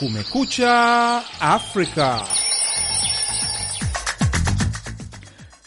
Kumekucha Afrika.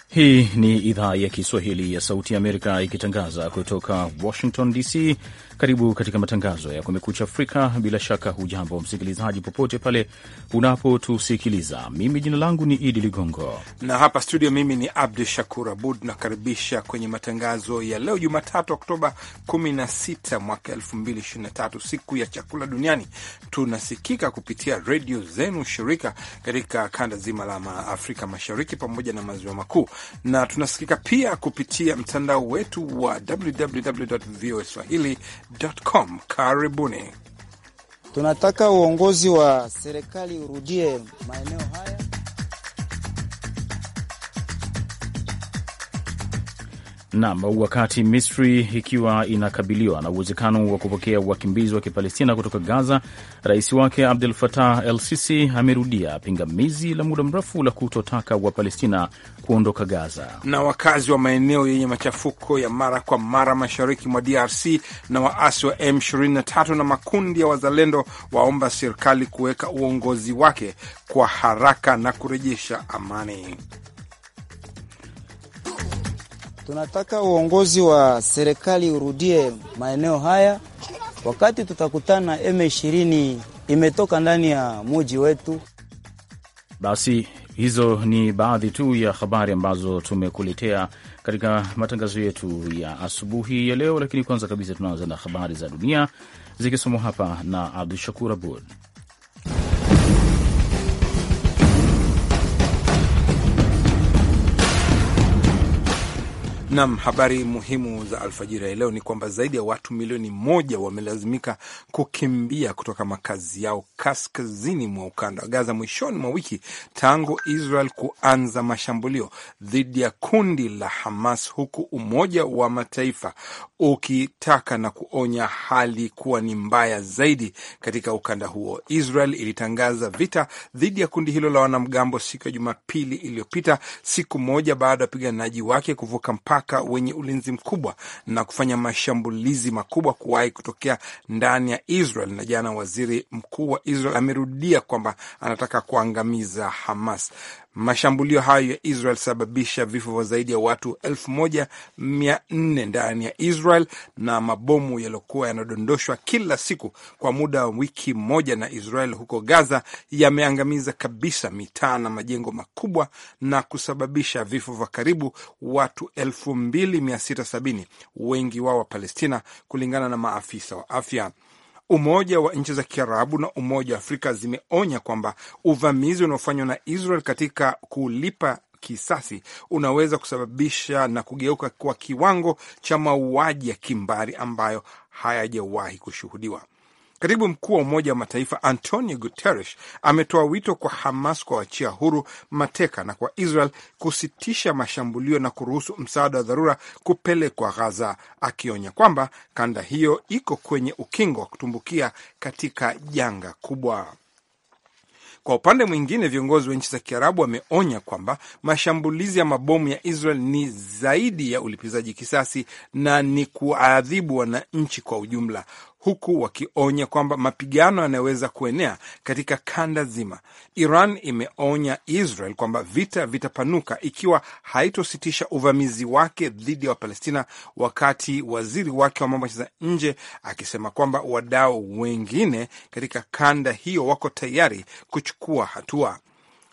Hii ni idhaa ya Kiswahili ya Sauti ya Amerika ikitangaza kutoka Washington DC. Karibu katika matangazo ya Kumekucha Afrika. Bila shaka hujambo msikilizaji, popote pale unapotusikiliza. Mimi jina langu ni Idi Ligongo na hapa studio mimi ni Abdu Shakur Abud. Nakaribisha kwenye matangazo ya leo Jumatatu, Oktoba 16 mwaka 2023, siku ya chakula duniani. Tunasikika kupitia redio zenu shirika katika kanda zima la Afrika Mashariki pamoja na maziwa makuu, na tunasikika pia kupitia mtandao wetu wa www voa swahili com. Karibuni. Tunataka uongozi wa serikali urudie maeneo haya. Naam, wakati Misri ikiwa inakabiliwa na uwezekano wa kupokea wakimbizi wa Kipalestina kutoka Gaza, rais wake Abdul Fatah El Sisi amerudia pingamizi la muda mrefu la kutotaka Wapalestina kuondoka Gaza. Na wakazi wa maeneo yenye machafuko ya mara kwa mara mashariki mwa DRC na waasi wa M23 na makundi ya wazalendo waomba serikali kuweka uongozi wake kwa haraka na kurejesha amani. Tunataka uongozi wa serikali urudie maeneo haya. Wakati tutakutana M20 imetoka ndani ya muji wetu. Basi hizo ni baadhi tu ya habari ambazo tumekuletea katika matangazo yetu ya asubuhi ya leo, lakini kwanza kabisa tunaanza na habari za dunia zikisomwa hapa na Abdu Shakur Abud. Nam, habari muhimu za alfajiri ya leo ni kwamba zaidi ya watu milioni moja wamelazimika kukimbia kutoka makazi yao kaskazini mwa ukanda wa Gaza mwishoni mwa wiki tangu Israel kuanza mashambulio dhidi ya kundi la Hamas, huku Umoja wa Mataifa ukitaka na kuonya hali kuwa ni mbaya zaidi katika ukanda huo. Israel ilitangaza vita dhidi ya kundi hilo la wanamgambo siku ya Jumapili iliyopita, siku moja baada ya wapiganaji wake kuvuka mpaka mpaka wenye ulinzi mkubwa na kufanya mashambulizi makubwa kuwahi kutokea ndani ya Israel. Na jana waziri mkuu wa Israel amerudia kwamba anataka kuangamiza Hamas. Mashambulio hayo ya Israel sababisha vifo vya zaidi ya watu elfu moja mia nne ndani ya Israel na mabomu yaliyokuwa yanadondoshwa kila siku kwa muda wa wiki moja na Israel huko Gaza yameangamiza kabisa mitaa na majengo makubwa na kusababisha vifo vya karibu watu elfu mbili mia sita sabini wengi wao wa Palestina kulingana na maafisa wa afya. Umoja wa nchi za Kiarabu na Umoja wa Afrika zimeonya kwamba uvamizi unaofanywa na Israel katika kulipa kisasi unaweza kusababisha na kugeuka kwa kiwango cha mauaji ya kimbari ambayo hayajawahi kushuhudiwa. Katibu mkuu wa Umoja wa Mataifa Antonio Guterres ametoa wito kwa Hamas kuachia huru mateka na kwa Israel kusitisha mashambulio na kuruhusu msaada wa dharura kupelekwa ghaza akionya kwamba kanda hiyo iko kwenye ukingo wa kutumbukia katika janga kubwa. Kwa upande mwingine, viongozi wa nchi za Kiarabu wameonya kwamba mashambulizi ya mabomu ya Israel ni zaidi ya ulipizaji kisasi na ni kuadhibu wananchi kwa ujumla, huku wakionya kwamba mapigano yanaweza kuenea katika kanda zima. Iran imeonya Israel kwamba vita vitapanuka ikiwa haitositisha uvamizi wake dhidi ya wa Wapalestina, wakati waziri wake wa mambo ya nje akisema kwamba wadau wengine katika kanda hiyo wako tayari kuchukua hatua.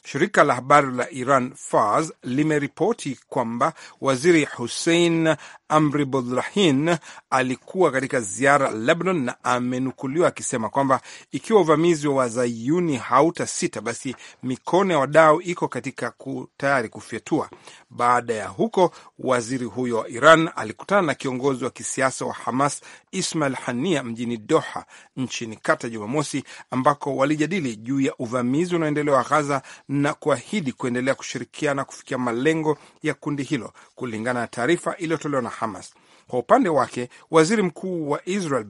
Shirika la habari la Iran Fars limeripoti kwamba waziri Hussein Amri Bodrahin alikuwa katika ziara Lebanon na amenukuliwa akisema kwamba ikiwa uvamizi wa wazayuni sita, basi mikono ya wadau iko katika tayari kufyatua. Baada ya huko, waziri huyo wa Iran alikutana na kiongozi wa kisiasa wa Hamas Ismail Hania mjini Doha nchini Kata Jumamosi, ambako walijadili juu ya uvamizi unaoendelea wa Ghaza na kuahidi kuendelea kushirikiana kufikia malengo ya kundi hilo, kulingana na taarifa iliyotolewa na Hamas. Kwa upande wake, waziri mkuu wa Israel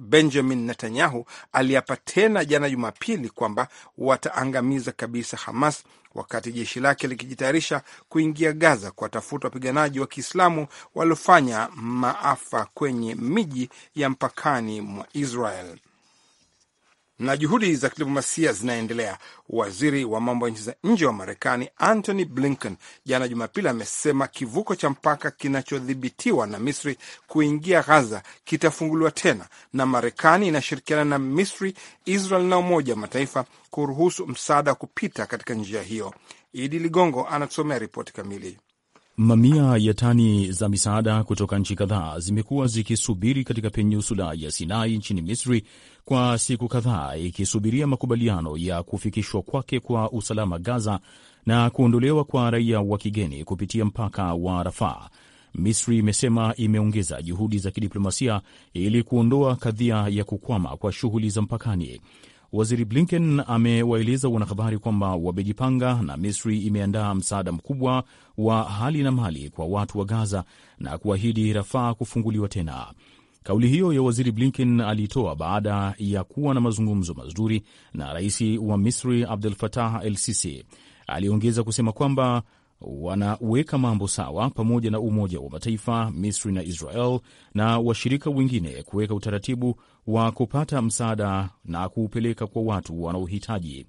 Benjamin Netanyahu aliapa tena jana Jumapili kwamba wataangamiza kabisa Hamas, wakati jeshi lake likijitayarisha kuingia Gaza kuwatafuta wapiganaji wa Kiislamu waliofanya maafa kwenye miji ya mpakani mwa Israel na juhudi za kidiplomasia zinaendelea. Waziri wa mambo ya nchi za nje wa Marekani Antony Blinken jana Jumapili amesema kivuko cha mpaka kinachodhibitiwa na Misri kuingia ghaza kitafunguliwa tena, na Marekani inashirikiana na Misri, Israel na Umoja wa Mataifa kuruhusu msaada wa kupita katika njia hiyo. Idi Ligongo anatusomea ripoti kamili. Mamia ya tani za misaada kutoka nchi kadhaa zimekuwa zikisubiri katika penyusula ya Sinai nchini Misri kwa siku kadhaa, ikisubiria makubaliano ya kufikishwa kwake kwa usalama Gaza na kuondolewa kwa raia wa kigeni kupitia mpaka wa rafaa Misri imesema imeongeza juhudi za kidiplomasia ili kuondoa kadhia ya kukwama kwa shughuli za mpakani. Waziri Blinken amewaeleza wanahabari kwamba wamejipanga na Misri imeandaa msaada mkubwa wa hali na mali kwa watu wa Gaza na kuahidi Rafaa kufunguliwa tena. Kauli hiyo ya waziri Blinken aliitoa baada ya kuwa na mazungumzo mazuri na rais wa Misri Abdel Fattah El Sisi. Aliongeza kusema kwamba wanaweka mambo sawa pamoja na Umoja wa Mataifa, Misri na Israel na washirika wengine kuweka utaratibu wa kupata msaada na kuupeleka kwa watu wanaohitaji.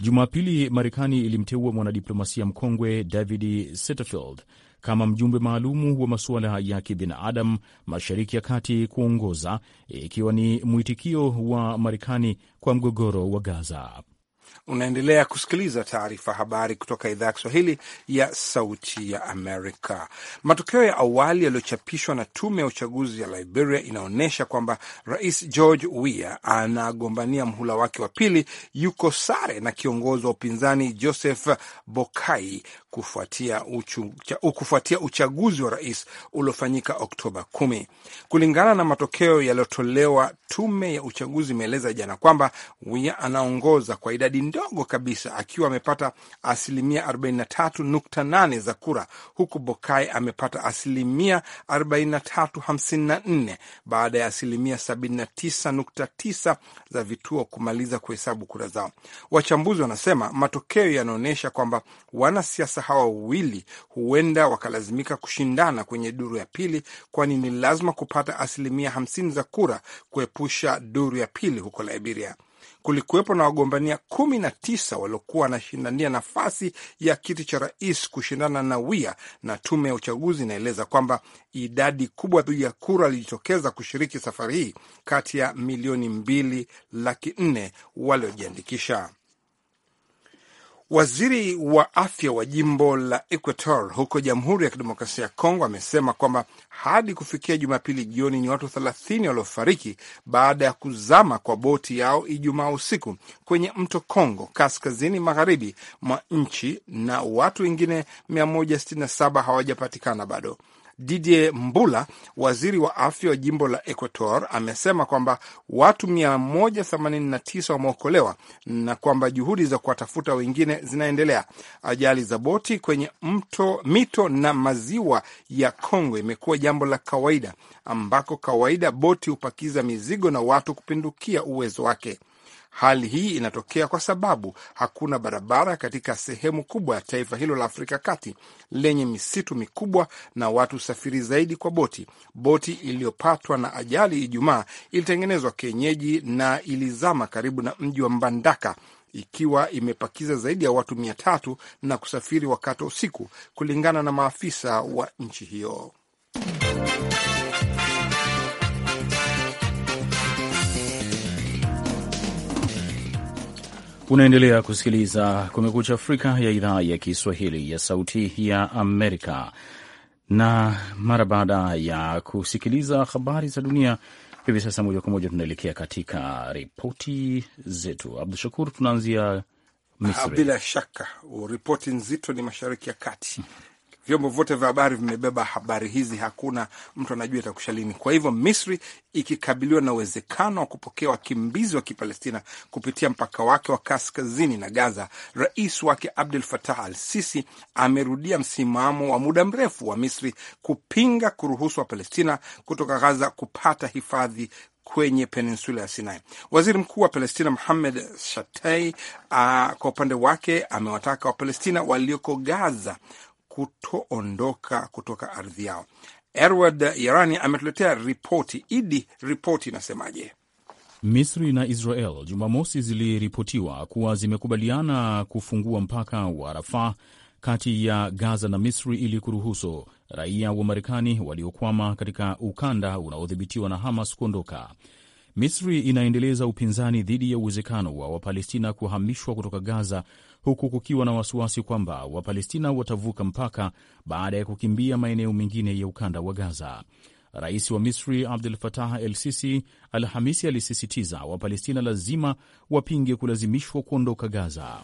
Jumapili, Marekani ilimteua mwanadiplomasia mkongwe David Satterfield kama mjumbe maalumu wa masuala ya kibinadamu Mashariki ya Kati kuongoza, ikiwa ni mwitikio wa Marekani kwa mgogoro wa Gaza. Unaendelea kusikiliza taarifa habari kutoka idhaa ya Kiswahili ya Sauti ya Amerika. Matokeo ya awali yaliyochapishwa na tume ya uchaguzi ya Liberia inaonyesha kwamba Rais George Weah anagombania mhula wake wa pili, yuko sare na kiongozi wa upinzani Joseph bokai kufuatia, uchu, kufuatia uchaguzi wa rais uliofanyika Oktoba kumi. Kulingana na matokeo yaliyotolewa, tume ya uchaguzi imeeleza jana kwamba Weah anaongoza kwa idadi idadi ndogo kabisa akiwa amepata asilimia 43.8 za kura, huku Bokai amepata asilimia 43.54 baada ya asilimia 79.9 za vituo kumaliza kuhesabu kura zao. Wachambuzi wanasema matokeo yanaonyesha kwamba wanasiasa hawa wawili huenda wakalazimika kushindana kwenye duru ya pili, kwani ni lazima kupata asilimia 50 za kura kuepusha duru ya pili huko Liberia kulikuwepo na wagombania kumi na tisa waliokuwa wanashindania nafasi ya kiti cha rais kushindana na Wia, na tume ya uchaguzi inaeleza kwamba idadi kubwa ya kura ilijitokeza kushiriki safari hii kati ya milioni mbili laki nne waliojiandikisha. Waziri wa afya wa jimbo la Equator huko Jamhuri ya Kidemokrasia ya Kongo amesema kwamba hadi kufikia Jumapili jioni ni watu thelathini waliofariki baada ya kuzama kwa boti yao Ijumaa usiku kwenye mto Kongo kaskazini magharibi mwa nchi na watu wengine 167 hawajapatikana bado. Didier Mbula, waziri wa afya wa jimbo la Equator, amesema kwamba watu 189 wameokolewa na kwamba juhudi za kuwatafuta wengine zinaendelea. Ajali za boti kwenye mto, mito na maziwa ya Kongo imekuwa jambo la kawaida, ambako kawaida boti hupakiza mizigo na watu kupindukia uwezo wake. Hali hii inatokea kwa sababu hakuna barabara katika sehemu kubwa ya taifa hilo la Afrika Kati lenye misitu mikubwa na watu usafiri zaidi kwa boti. Boti iliyopatwa na ajali Ijumaa ilitengenezwa kienyeji na ilizama karibu na mji wa Mbandaka ikiwa imepakiza zaidi ya watu mia tatu na kusafiri wakati wa usiku, kulingana na maafisa wa nchi hiyo. Unaendelea kusikiliza Kumekucha Afrika ya idhaa ya Kiswahili ya Sauti ya Amerika, na mara baada ya kusikiliza habari za dunia hivi sasa, moja kwa moja tunaelekea katika ripoti zetu. Abdu Shakur, tunaanzia Misri. Bila shaka ripoti nzito ni Mashariki ya Kati vyombo vyote vya habari vimebeba habari hizi, hakuna mtu anajua itakusha lini. Kwa hivyo Misri ikikabiliwa na uwezekano wa kupokea wakimbizi wa Kipalestina kupitia mpaka wake wa kaskazini na Gaza, rais wake abdul fatah al Sisi amerudia msimamo wa muda mrefu wa Misri kupinga kuruhusu Wapalestina kutoka Gaza kupata hifadhi kwenye peninsula ya Sinai. Waziri mkuu wa Palestina Muhamed Shatei, uh, kwa upande wake amewataka Wapalestina walioko Gaza kutoondoka kutoka ardhi yao. Edward Yerani ametuletea ripoti. Idi, ripoti inasemaje? Misri na Israel Jumamosi ziliripotiwa kuwa zimekubaliana kufungua mpaka wa Rafah kati ya Gaza na Misri ili kuruhusu raia wa Marekani waliokwama katika ukanda unaodhibitiwa na Hamas kuondoka. Misri inaendeleza upinzani dhidi ya uwezekano wa Wapalestina kuhamishwa kutoka Gaza, huku kukiwa na wasiwasi kwamba Wapalestina watavuka mpaka baada ya kukimbia maeneo mengine ya ukanda wa Gaza. Rais wa Misri abdul fatah El Sisi Alhamisi alisisitiza Wapalestina lazima wapinge kulazimishwa kuondoka Gaza.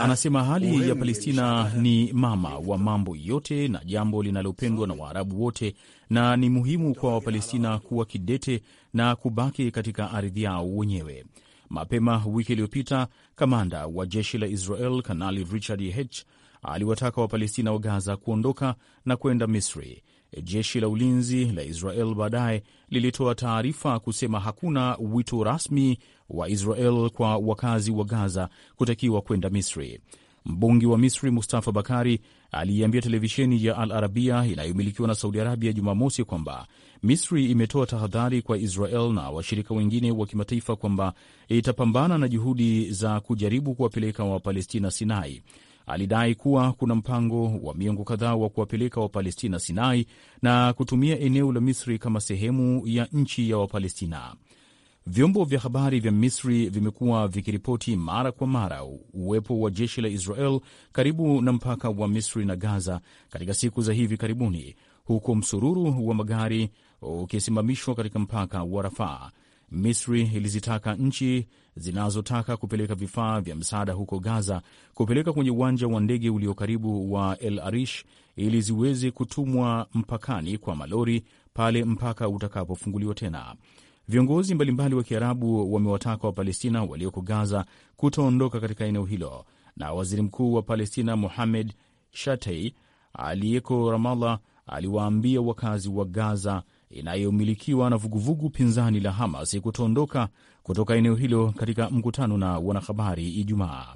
Anasema hali ya Palestina ni mama wa mambo yote na jambo linalopendwa na Waarabu wote, na ni muhimu kwa Wapalestina kuwa kidete na kubaki katika ardhi yao wenyewe. Mapema wiki iliyopita, kamanda wa jeshi la Israel Kanali Richard H aliwataka Wapalestina wa Gaza kuondoka na kwenda Misri. E, jeshi la ulinzi la Israel baadaye lilitoa taarifa kusema hakuna wito rasmi wa Israel kwa wakazi wa Gaza kutakiwa kwenda Misri. Mbunge wa Misri Mustafa Bakari aliiambia televisheni ya Al Arabia inayomilikiwa na Saudi Arabia Jumamosi kwamba Misri imetoa tahadhari kwa Israel na washirika wengine wa kimataifa kwamba itapambana na juhudi za kujaribu kuwapeleka Wapalestina Sinai alidai kuwa kuna mpango wa miongo kadhaa wa kuwapeleka Wapalestina Sinai na kutumia eneo la Misri kama sehemu ya nchi ya Wapalestina. Vyombo vya habari vya Misri vimekuwa vikiripoti mara kwa mara uwepo wa jeshi la Israel karibu na mpaka wa Misri na Gaza katika siku za hivi karibuni, huku msururu wa magari ukisimamishwa katika mpaka wa Rafaa. Misri ilizitaka nchi zinazotaka kupeleka vifaa vya msaada huko Gaza kupeleka kwenye uwanja wa ndege ulio karibu wa El Arish ili ziweze kutumwa mpakani kwa malori pale mpaka utakapofunguliwa tena. Viongozi mbalimbali wa Kiarabu wamewataka Wapalestina walioko Gaza kutoondoka katika eneo hilo, na waziri mkuu wa Palestina Mohamed Shatei aliyeko Ramallah aliwaambia wakazi wa Gaza inayomilikiwa na vuguvugu pinzani la Hamas kutoondoka kutoka eneo hilo katika mkutano na wanahabari Ijumaa.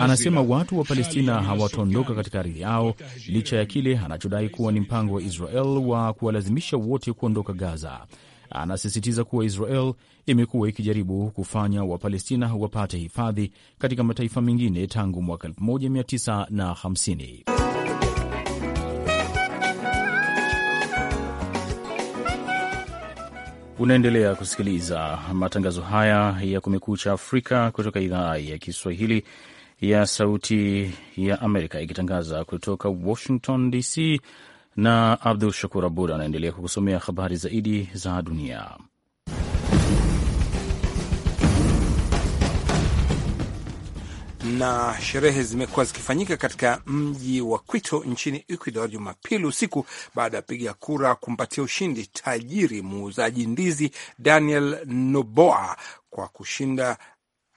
Anasema watu wa Palestina hawataondoka katika ardhi yao licha ya kile anachodai kuwa ni mpango wa Israel wa kuwalazimisha wote kuondoka Gaza. Anasisitiza kuwa Israel imekuwa ikijaribu kufanya Wapalestina wapate hifadhi katika mataifa mengine tangu mwaka 1950. Unaendelea kusikiliza matangazo haya ya Kumekucha Afrika kutoka idhaa ya Kiswahili ya Sauti ya Amerika ikitangaza kutoka Washington DC, na Abdul Shakur Abud anaendelea kukusomea habari zaidi za dunia. na sherehe zimekuwa zikifanyika katika mji wa Quito nchini Ecuador Jumapili usiku baada ya piga kura kumpatia ushindi tajiri muuzaji ndizi Daniel Noboa kwa kushinda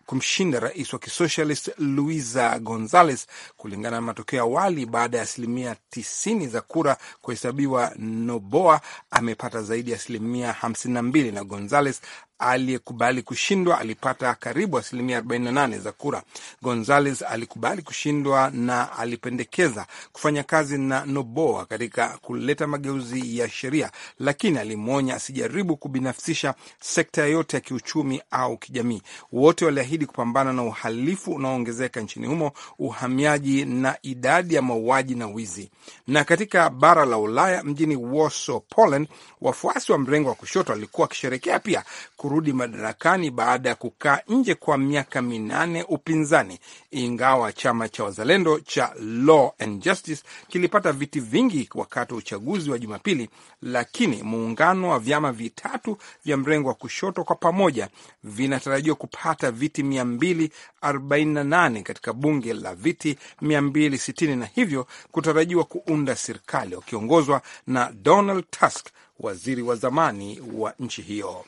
kumshinda rais wa kisocialist Luisa Gonzalez kulingana na matokeo ya awali. Baada ya asilimia tisini za kura kuhesabiwa, Noboa amepata zaidi ya asilimia hamsini na mbili na Gonzalez aliyekubali kushindwa alipata karibu asilimia 48 za kura. Gonzales alikubali kushindwa na alipendekeza kufanya kazi na Noboa katika kuleta mageuzi ya sheria, lakini alimwonya asijaribu kubinafsisha sekta yoyote ya kiuchumi au kijamii. Wote waliahidi kupambana na uhalifu unaoongezeka nchini humo, uhamiaji na idadi ya mauaji na wizi. Na katika bara la Ulaya, mjini Warsaw, Poland, wafuasi wa mrengo wa kushoto walikuwa wakisherekea pia ku kurudi madarakani baada ya kukaa nje kwa miaka minane upinzani, ingawa chama cha wazalendo cha Law and Justice kilipata viti vingi wakati wa uchaguzi wa Jumapili, lakini muungano wa vyama vitatu vya mrengo wa kushoto kwa pamoja vinatarajiwa kupata viti 248 katika bunge la viti 260 na hivyo kutarajiwa kuunda serikali wakiongozwa na Donald Tusk, waziri wa zamani wa nchi hiyo.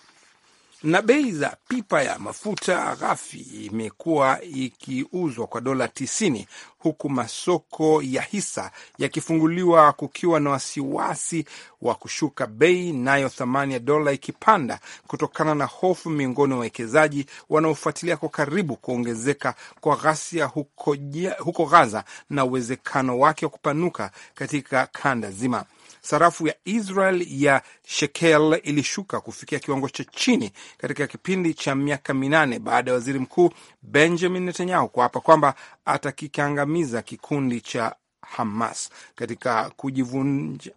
Na bei za pipa ya mafuta ghafi imekuwa ikiuzwa kwa dola tisini huku masoko ya hisa yakifunguliwa kukiwa na wasiwasi wa kushuka bei, nayo thamani ya dola ikipanda kutokana na hofu miongoni mwa wawekezaji wanaofuatilia kwa karibu kuongezeka kwa ghasia huko, huko Gaza na uwezekano wake wa kupanuka katika kanda zima sarafu ya Israel ya shekel ilishuka kufikia kiwango cha chini katika kipindi cha miaka minane baada ya waziri mkuu Benjamin Netanyahu kuapa kwamba atakikangamiza kikundi cha Hamas katika kujivunja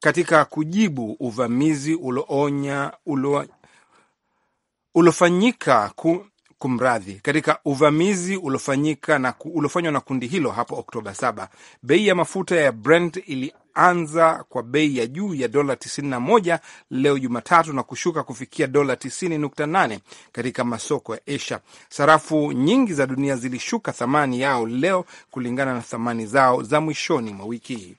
katika kujibu uvamizi uloonya ulo, ulofanyika ku, Kumradhi, katika uvamizi uliofanywa na, na kundi hilo hapo Oktoba 7, bei ya mafuta ya Brent ilianza kwa bei ya juu ya dola 91 leo Jumatatu na kushuka kufikia dola 90.8 katika masoko ya Asia. Sarafu nyingi za dunia zilishuka thamani yao leo kulingana na thamani zao za mwishoni mwa wiki hii.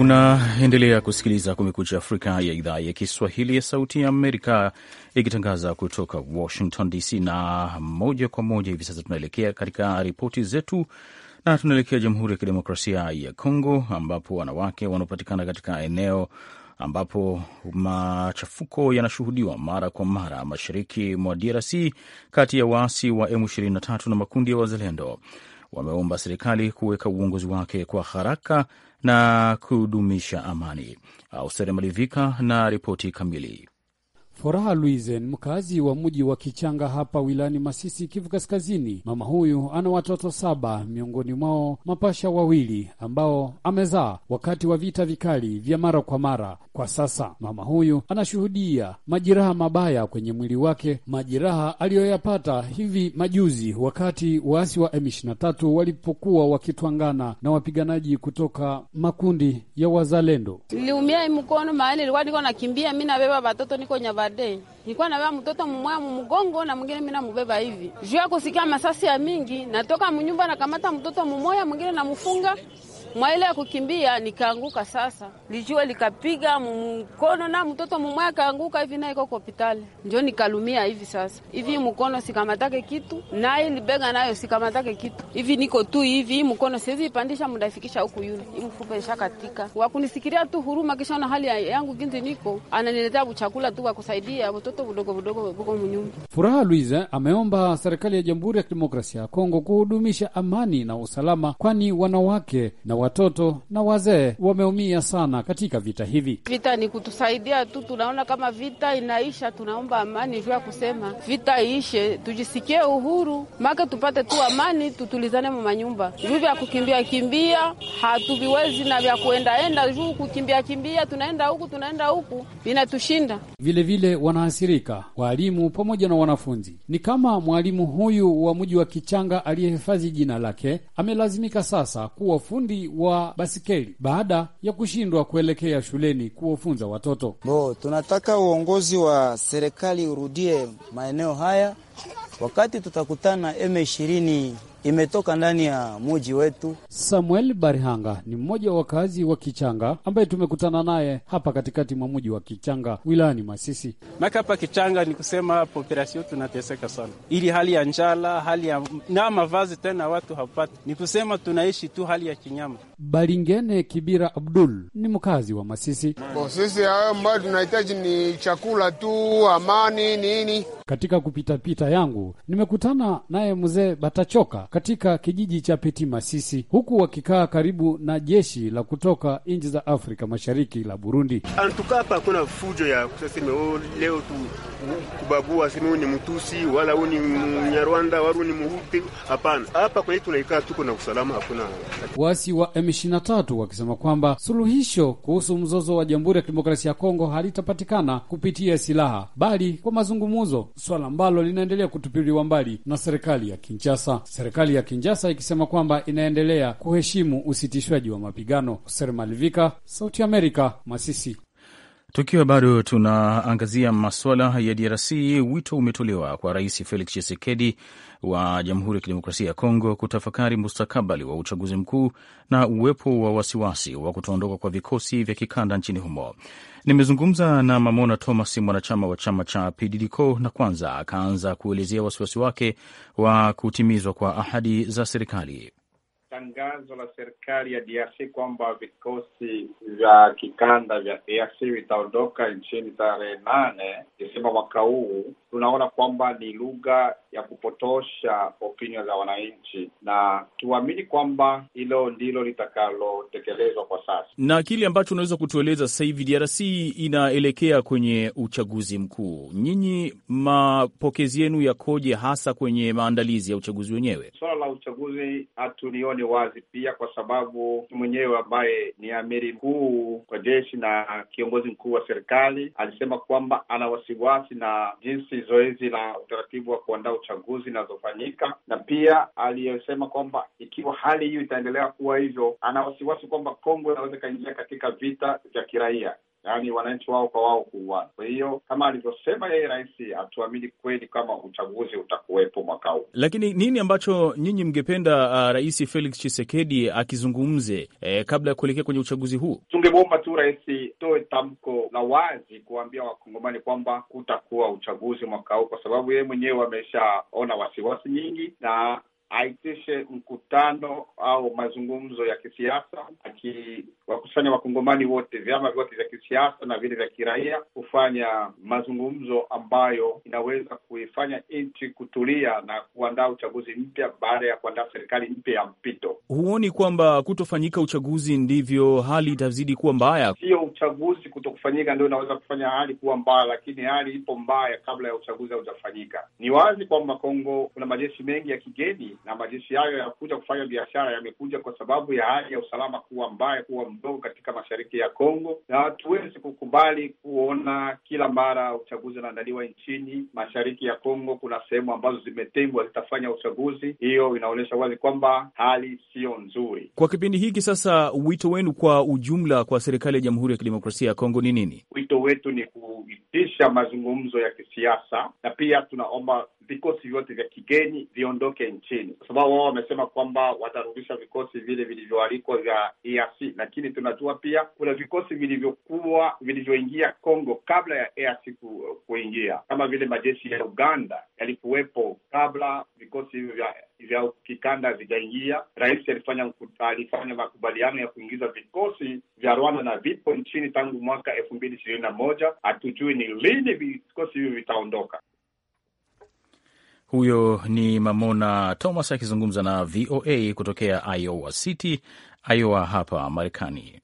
Unaendelea kusikiliza Kumekucha Afrika ya idhaa ya Kiswahili ya Sauti ya Amerika ikitangaza kutoka Washington DC, na moja kwa moja hivi sasa tunaelekea katika ripoti zetu na tunaelekea Jamhuri ya Kidemokrasia ya Kongo ambapo wanawake wanaopatikana katika eneo ambapo machafuko yanashuhudiwa mara kwa mara mashariki mwa DRC kati ya waasi wa M23 na makundi ya wazalendo wameomba serikali kuweka uongozi wake kwa haraka na kudumisha amani. Austere Malivika na ripoti kamili. Furaha Luizen, mkazi wa mji wa Kichanga hapa wilani Masisi, Kivu Kaskazini. Mama huyu ana watoto saba, miongoni mwao mapasha wawili ambao amezaa wakati wa vita vikali vya mara kwa mara. Kwa sasa mama huyu anashuhudia majeraha mabaya kwenye mwili wake, majeraha aliyoyapata hivi majuzi wakati waasi wa M23 walipokuwa wakitwangana na wapiganaji kutoka makundi ya wazalendo. Niliumia mkono, maana nilikuwa niko nakimbia, mi nabeba watoto, niko nyavadi day nilikuwa nabeba mtoto mmoya mumugongo na mwingine mina namubeba hivi juu ya kusikia masasi ya mingi, natoka mnyumba nakamata mtoto mmoya mwingine namfunga mwaile ya kukimbia, nikaanguka. Sasa lijua likapiga mkono na mtoto mumwe akaanguka hivi, naye iko hospitali, njo nikalumia hivi. Sasa hivi mkono sikamatake kitu, naye bega nayo sikamatake kitu, hivi niko tu hivi, mkono siwezi ipandisha, mdafikisha huku yule mfupa shakatika Wakunisikiria tu huruma, kisha na hali yangu ginzi, niko ananiletea chakula tu, wakusaidia watoto vidogo vidogo vuko mnyumba. Furaha Luiza ameomba serikali ya Jamhuri ya Kidemokrasia ya Kongo kuhudumisha amani na usalama, kwani wanawake na watoto na wazee wameumia sana katika vita hivi. Vita ni kutusaidia tu, tunaona kama vita inaisha, tunaomba amani juu ya kusema vita iishe, tujisikie uhuru make tupate tu amani, tutulizane manyumba juu vya kukimbia kimbia hatuviwezi na vya kuendaenda juu kukimbia kimbia, tunaenda huku tunaenda huku vinatushinda. Vilevile wanaathirika walimu pamoja na wanafunzi, ni kama mwalimu huyu wa mji wa Kichanga aliyehifadhi jina lake amelazimika sasa kuwa fundi wa basikeli baada ya kushindwa kuelekea shuleni kuwafunza watoto. Bo, tunataka uongozi wa serikali urudie maeneo haya wakati tutakutana M20 imetoka ndani ya muji wetu. Samuel Barihanga ni mmoja wa wakazi wa Kichanga ambaye tumekutana naye hapa katikati mwa muji wa Kichanga wilayani Masisi. Maka hapa Kichanga ni kusema populasion tunateseka sana, ili hali ya njala, hali ya na mavazi tena watu hapati, ni kusema tunaishi tu hali ya kinyama Balingene Kibira Abdul ni mkazi wa Masisi. Kwa sisi hayo ambayo tunahitaji ni chakula tu, amani nini. Katika kupitapita yangu nimekutana naye mzee Batachoka katika kijiji cha Peti Masisi, huku wakikaa karibu na jeshi la kutoka nchi za Afrika Mashariki la Burundi. Antuka hapa hakuna fujo ya kusema oh, leo tu kubagua sema huyu ni Mtusi wala huyu ni Mnyarwanda wala ni Muhuti. Hapana, hapa kwetu tunaikaa tuko na usalama, hakuna wasi wa M 23 wakisema kwamba suluhisho kuhusu mzozo wa Jamhuri ya Kidemokrasia ya Kongo halitapatikana kupitia silaha, bali kwa mazungumzo, swala ambalo linaendelea kutupiliwa mbali na serikali ya Kinshasa, serikali ya Kinshasa ikisema kwamba inaendelea kuheshimu usitishwaji wa mapigano. Ser Sauti Amerika, Masisi. Tukiwa bado tunaangazia maswala ya DRC, wito umetolewa kwa Rais Felix Tshisekedi wa Jamhuri ya Kidemokrasia ya Kongo kutafakari mustakabali wa uchaguzi mkuu na uwepo wa wasiwasi wa kutoondoka kwa vikosi vya kikanda nchini humo. Nimezungumza na Mamona Thomas, mwanachama wa chama cha PDDCO, na kwanza akaanza kuelezea wasiwasi wake wa kutimizwa kwa ahadi za serikali tangazo la serikali ya DRC kwamba vikosi vya kikanda vya DRC vitaondoka nchini tarehe nane Desemba mwaka huu tunaona kwamba ni lugha ya kupotosha opinion za wananchi, na tuamini kwamba hilo ndilo litakalotekelezwa kwa sasa. Na kile ambacho unaweza kutueleza sasa hivi, DRC inaelekea kwenye uchaguzi mkuu, nyinyi mapokezi yenu yakoje, hasa kwenye maandalizi ya uchaguzi wenyewe? Suala la uchaguzi hatulioni wazi pia, kwa sababu mwenyewe ambaye ni amiri mkuu kwa jeshi na kiongozi mkuu wa serikali alisema kwamba ana wasiwasi na jinsi zoezi la utaratibu wa kuandaa uchaguzi inazofanyika, na pia aliyesema kwamba ikiwa hali hiyo itaendelea kuwa hivyo, ana wasiwasi kwamba Kongo inaweza ikaingia katika vita vya kiraia yaani wananchi wao kwa wao kuuana. Kwa hiyo kama alivyosema yeye rais, hatuamini kweli kama uchaguzi utakuwepo mwaka huu. Lakini nini ambacho nyinyi mngependa uh, Rais Felix Tshisekedi akizungumze eh, kabla ya kuelekea kwenye uchaguzi huu? Tungemwomba tu rais toe tamko la wazi kuwaambia wakongomani kwamba kutakuwa uchaguzi mwaka huu, kwa sababu yeye mwenyewe ameshaona wasiwasi nyingi na aitishe mkutano au mazungumzo ya kisiasa akiwakusanya wakongomani wote, vyama vyote vya kisiasa na vile vya kiraia, kufanya mazungumzo ambayo inaweza kuifanya nchi kutulia na kuandaa uchaguzi mpya baada ya kuandaa serikali mpya ya mpito. Huoni kwamba kutofanyika uchaguzi ndivyo hali itazidi kuwa mbaya? Sio uchaguzi kutokufanyika ndio inaweza kufanya hali kuwa mbaya, lakini hali ipo mbaya kabla ya uchaguzi haujafanyika. Ni wazi kwamba Kongo kuna majeshi mengi ya kigeni na majeshi hayo yakuja kufanya biashara yamekuja kwa sababu ya hali ya usalama kuwa mbaya, kuwa mdogo katika mashariki ya Kongo, na hatuwezi kukubali kuona kila mara uchaguzi unaandaliwa nchini mashariki ya Kongo. Kuna sehemu ambazo zimetengwa zitafanya uchaguzi, hiyo inaonyesha wazi kwamba hali siyo nzuri kwa kipindi hiki. Sasa wito wenu kwa ujumla kwa serikali ya Jamhuri ya Kidemokrasia ya Kongo ni nini? Wito wetu ni kuitisha mazungumzo ya kisiasa, na pia tunaomba vikosi vyote vya kigeni viondoke nchini, kwa sababu wao wamesema kwamba watarudisha vikosi vile vilivyoalikwa vya EAC, lakini tunajua pia kuna vikosi vilivyokuwa vilivyoingia congo kabla ya EAC ku, kuingia kama vile majeshi ya Uganda yalikuwepo kabla vikosi hivyo vya vya kikanda vijaingia. Rais alifanya alifanya makubaliano ya kuingiza vikosi vya Rwanda na vipo nchini tangu mwaka elfu mbili ishirini na moja. Hatujui ni lini vikosi hivyo vitaondoka. Huyo ni Mamona Thomas akizungumza na VOA kutokea Iowa City, Iowa hapa Marekani.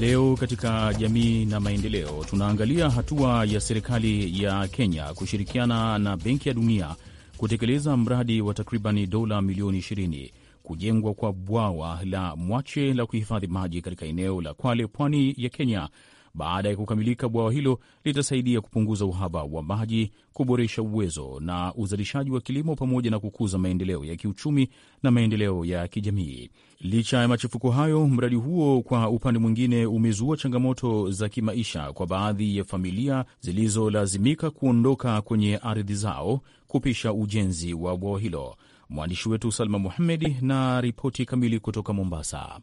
Leo katika jamii na maendeleo tunaangalia hatua ya serikali ya Kenya kushirikiana na Benki ya Dunia kutekeleza mradi wa takribani dola milioni 20 kujengwa kwa bwawa la Mwache la kuhifadhi maji katika eneo la Kwale, pwani ya Kenya baada ya kukamilika, bwawa hilo litasaidia kupunguza uhaba wa maji, kuboresha uwezo na uzalishaji wa kilimo, pamoja na kukuza maendeleo ya kiuchumi na maendeleo ya kijamii. Licha ya machafuko hayo, mradi huo kwa upande mwingine umezua changamoto za kimaisha kwa baadhi ya familia zilizolazimika kuondoka kwenye ardhi zao kupisha ujenzi wa bwawa hilo. Mwandishi wetu Salma Muhamedi na ripoti kamili kutoka Mombasa.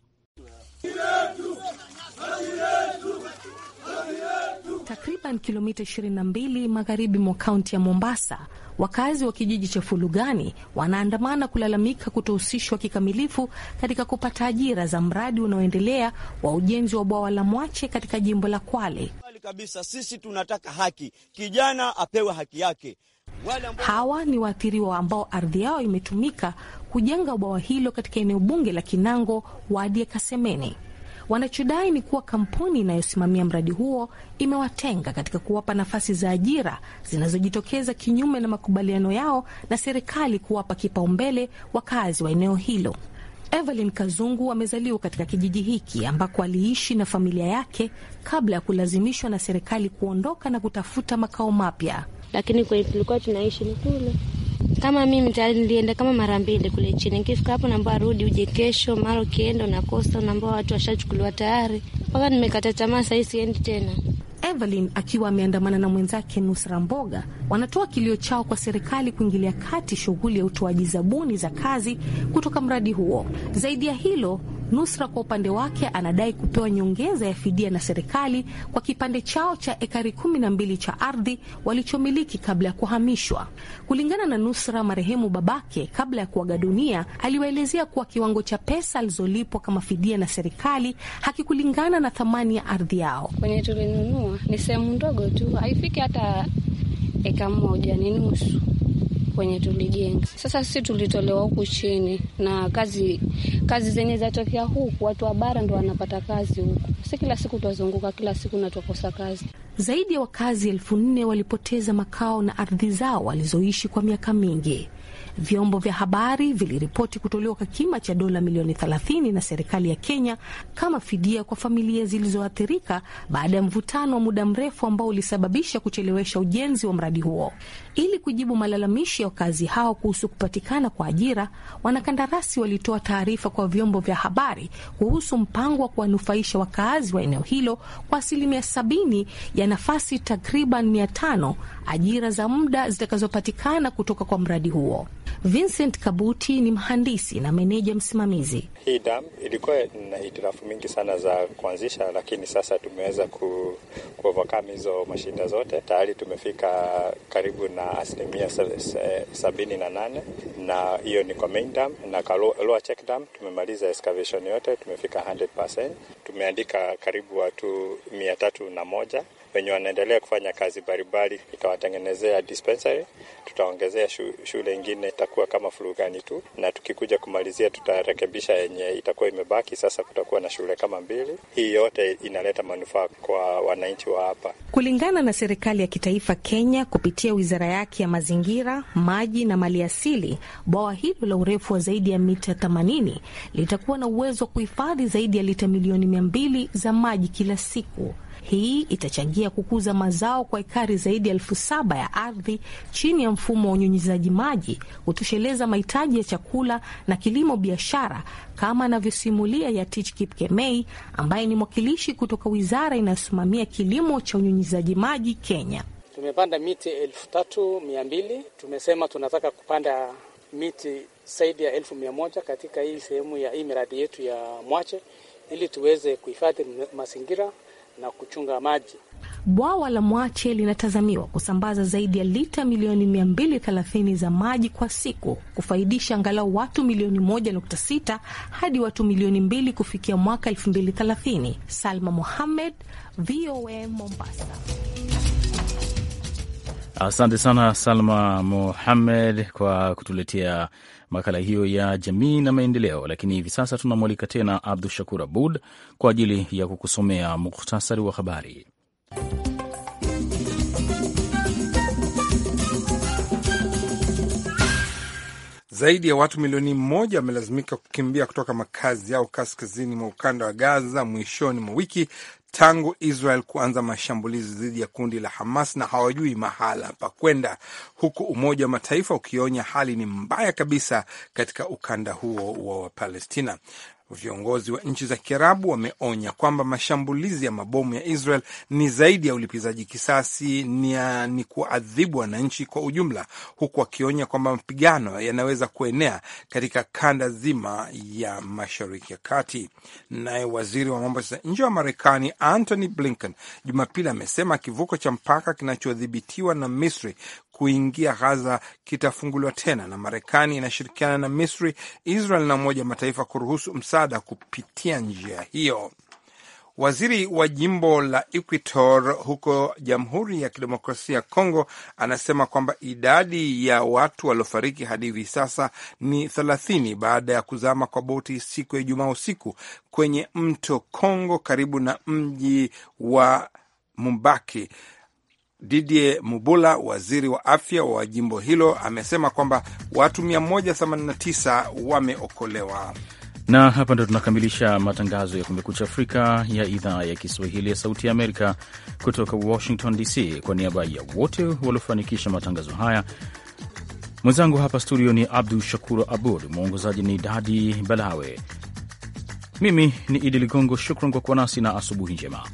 takriban kilomita 22 magharibi mwa kaunti ya Mombasa, wakazi wa kijiji cha Fulugani wanaandamana kulalamika kutohusishwa kikamilifu katika kupata ajira za mradi unaoendelea wa ujenzi wa bwawa la Mwache katika jimbo la Kwale. Kabisa, sisi tunataka haki, kijana apewe haki yake. Hawa ni waathiriwa ambao ardhi yao imetumika kujenga bwawa hilo katika eneo bunge la Kinango, wadi ya Kasemene. Wanachodai ni kuwa kampuni inayosimamia mradi huo imewatenga katika kuwapa nafasi za ajira zinazojitokeza kinyume na makubaliano yao na serikali kuwapa kipaumbele wakazi wa eneo hilo. Evelyn Kazungu amezaliwa katika kijiji hiki ambako aliishi na familia yake kabla ya kulazimishwa na serikali kuondoka na kutafuta makao mapya. Lakini kwenye tulikuwa tunaishi ni kule kama mimi tayari nilienda kama mara mbili kule chini, nikifika hapo naambiwa arudi uje kesho, mara ukienda unakosa, unaambiwa watu washachukuliwa tayari, mpaka nimekata tamaa, sahii siendi tena. Evelyn akiwa ameandamana na mwenzake Nusra Mboga wanatoa kilio chao kwa serikali kuingilia kati shughuli ya utoaji zabuni za kazi kutoka mradi huo. Zaidi ya hilo Nusra kwa upande wake anadai kupewa nyongeza ya fidia na serikali kwa kipande chao cha ekari kumi na mbili cha ardhi walichomiliki kabla ya kuhamishwa. Kulingana na Nusra, marehemu babake kabla ya kuaga dunia aliwaelezea kuwa kiwango cha pesa alizolipwa kama fidia na serikali hakikulingana na thamani ya ardhi yao. Kwenye tulinunua ni sehemu ndogo tu, haifiki hata eka moja, ni nusu kwenye tulijenga. Sasa sisi tulitolewa huku chini na kazi, kazi zenye zatokea huku, watu wa bara ndo wanapata kazi huku, si kila siku twazunguka, kila siku na twakosa kazi. Zaidi ya wakazi elfu nne walipoteza makao na ardhi zao walizoishi kwa miaka mingi. Vyombo vya habari viliripoti kutolewa kwa kima cha dola milioni 30 na serikali ya Kenya kama fidia kwa familia zilizoathirika baada ya mvutano wa muda mrefu ambao ulisababisha kuchelewesha ujenzi wa mradi huo. Ili kujibu malalamishi ya wakazi hao kuhusu kupatikana kwa ajira, wanakandarasi walitoa taarifa kwa vyombo vya habari kuhusu mpango wa kuwanufaisha wakazi wa eneo hilo kwa asilimia sabini ya nafasi takriban ajira za muda zitakazopatikana kutoka kwa mradi huo. Vincent Kabuti ni mhandisi na meneja msimamizi. Hii dam ilikuwa na hitirafu mingi sana za kuanzisha, lakini sasa tumeweza ku, kuovakam hizo mashinda zote. Tayari tumefika karibu na asilimia sabini na nane na hiyo ni kwa main dam na lower check dam. Tumemaliza excavation yote, tumefika 100%. Tumeandika karibu watu mia tatu na moja wenye wanaendelea kufanya kazi mbalimbali, itawatengenezea dispensary, tutaongezea shule ingine, itakuwa kama furugani tu, na tukikuja kumalizia tutarekebisha yenye itakuwa imebaki. Sasa kutakuwa na shule kama mbili. Hii yote inaleta manufaa kwa wananchi wa hapa. Kulingana na serikali ya kitaifa Kenya kupitia wizara yake ya mazingira, maji na maliasili, bwawa hilo la urefu wa zaidi ya mita 80 litakuwa na uwezo wa kuhifadhi zaidi ya lita milioni mia mbili za maji kila siku. Hii itachangia kukuza mazao kwa ekari zaidi ya elfu saba ya ardhi chini ya mfumo wa unyunyizaji maji, kutosheleza mahitaji ya chakula na kilimo biashara, kama anavyosimulia Yatich Kipkemei ambaye ni mwakilishi kutoka wizara inayosimamia kilimo cha unyunyizaji maji Kenya. Tumepanda miti elfu tatu mia mbili. Tumesema tunataka kupanda miti zaidi ya elfu mia moja katika hii sehemu ya hii miradi yetu ya Mwache ili tuweze kuhifadhi mazingira na kuchunga maji. Bwawa la Mwache linatazamiwa kusambaza zaidi ya lita milioni 230 za maji kwa siku kufaidisha angalau watu milioni 1.6 hadi watu milioni 2 kufikia mwaka 2030. Salma Mohamed, VOA Mombasa. Asante sana Salma muhammed kwa kutuletea makala hiyo ya jamii na maendeleo. Lakini hivi sasa tunamwalika tena Abdu Shakur Abud kwa ajili ya kukusomea muhtasari wa habari. Zaidi ya watu milioni moja wamelazimika kukimbia kutoka makazi yao kaskazini mwa ukanda wa Gaza mwishoni mwa wiki tangu Israel kuanza mashambulizi dhidi ya kundi la Hamas na hawajui mahala pa kwenda, huku Umoja wa Mataifa ukionya hali ni mbaya kabisa katika ukanda huo wa Wapalestina. Viongozi wa nchi za Kiarabu wameonya kwamba mashambulizi ya mabomu ya Israel ni zaidi ya ulipizaji kisasi, ni, ni kuadhibu wananchi kwa ujumla, huku wakionya kwamba mapigano yanaweza kuenea katika kanda zima ya Mashariki ya Kati. Naye waziri wa mambo ya nje wa Marekani Antony Blinken Jumapili amesema kivuko cha mpaka kinachodhibitiwa na Misri kuingia ghaza kitafunguliwa tena, na Marekani inashirikiana na Misri, Israel na Umoja wa Mataifa kuruhusu msaada kupitia njia hiyo. Waziri wa jimbo la Equator huko Jamhuri ya Kidemokrasia ya Kongo anasema kwamba idadi ya watu waliofariki hadi hivi sasa ni thelathini baada ya kuzama kwa boti siku ya Ijumaa usiku kwenye mto Kongo karibu na mji wa Mumbaki Didier Mubula, waziri wa afya wa jimbo hilo, amesema kwamba watu 189 wameokolewa. Na hapa ndo tunakamilisha matangazo ya Kumekucha Afrika ya idhaa ya Kiswahili ya Sauti ya Amerika kutoka Washington DC. Kwa niaba ya wote waliofanikisha matangazo haya, mwenzangu hapa studio ni Abdu Shakur Abud, mwongozaji ni Dadi Balawe, mimi ni Idi Ligongo. Shukran kwa kuwa nasi na asubuhi njema.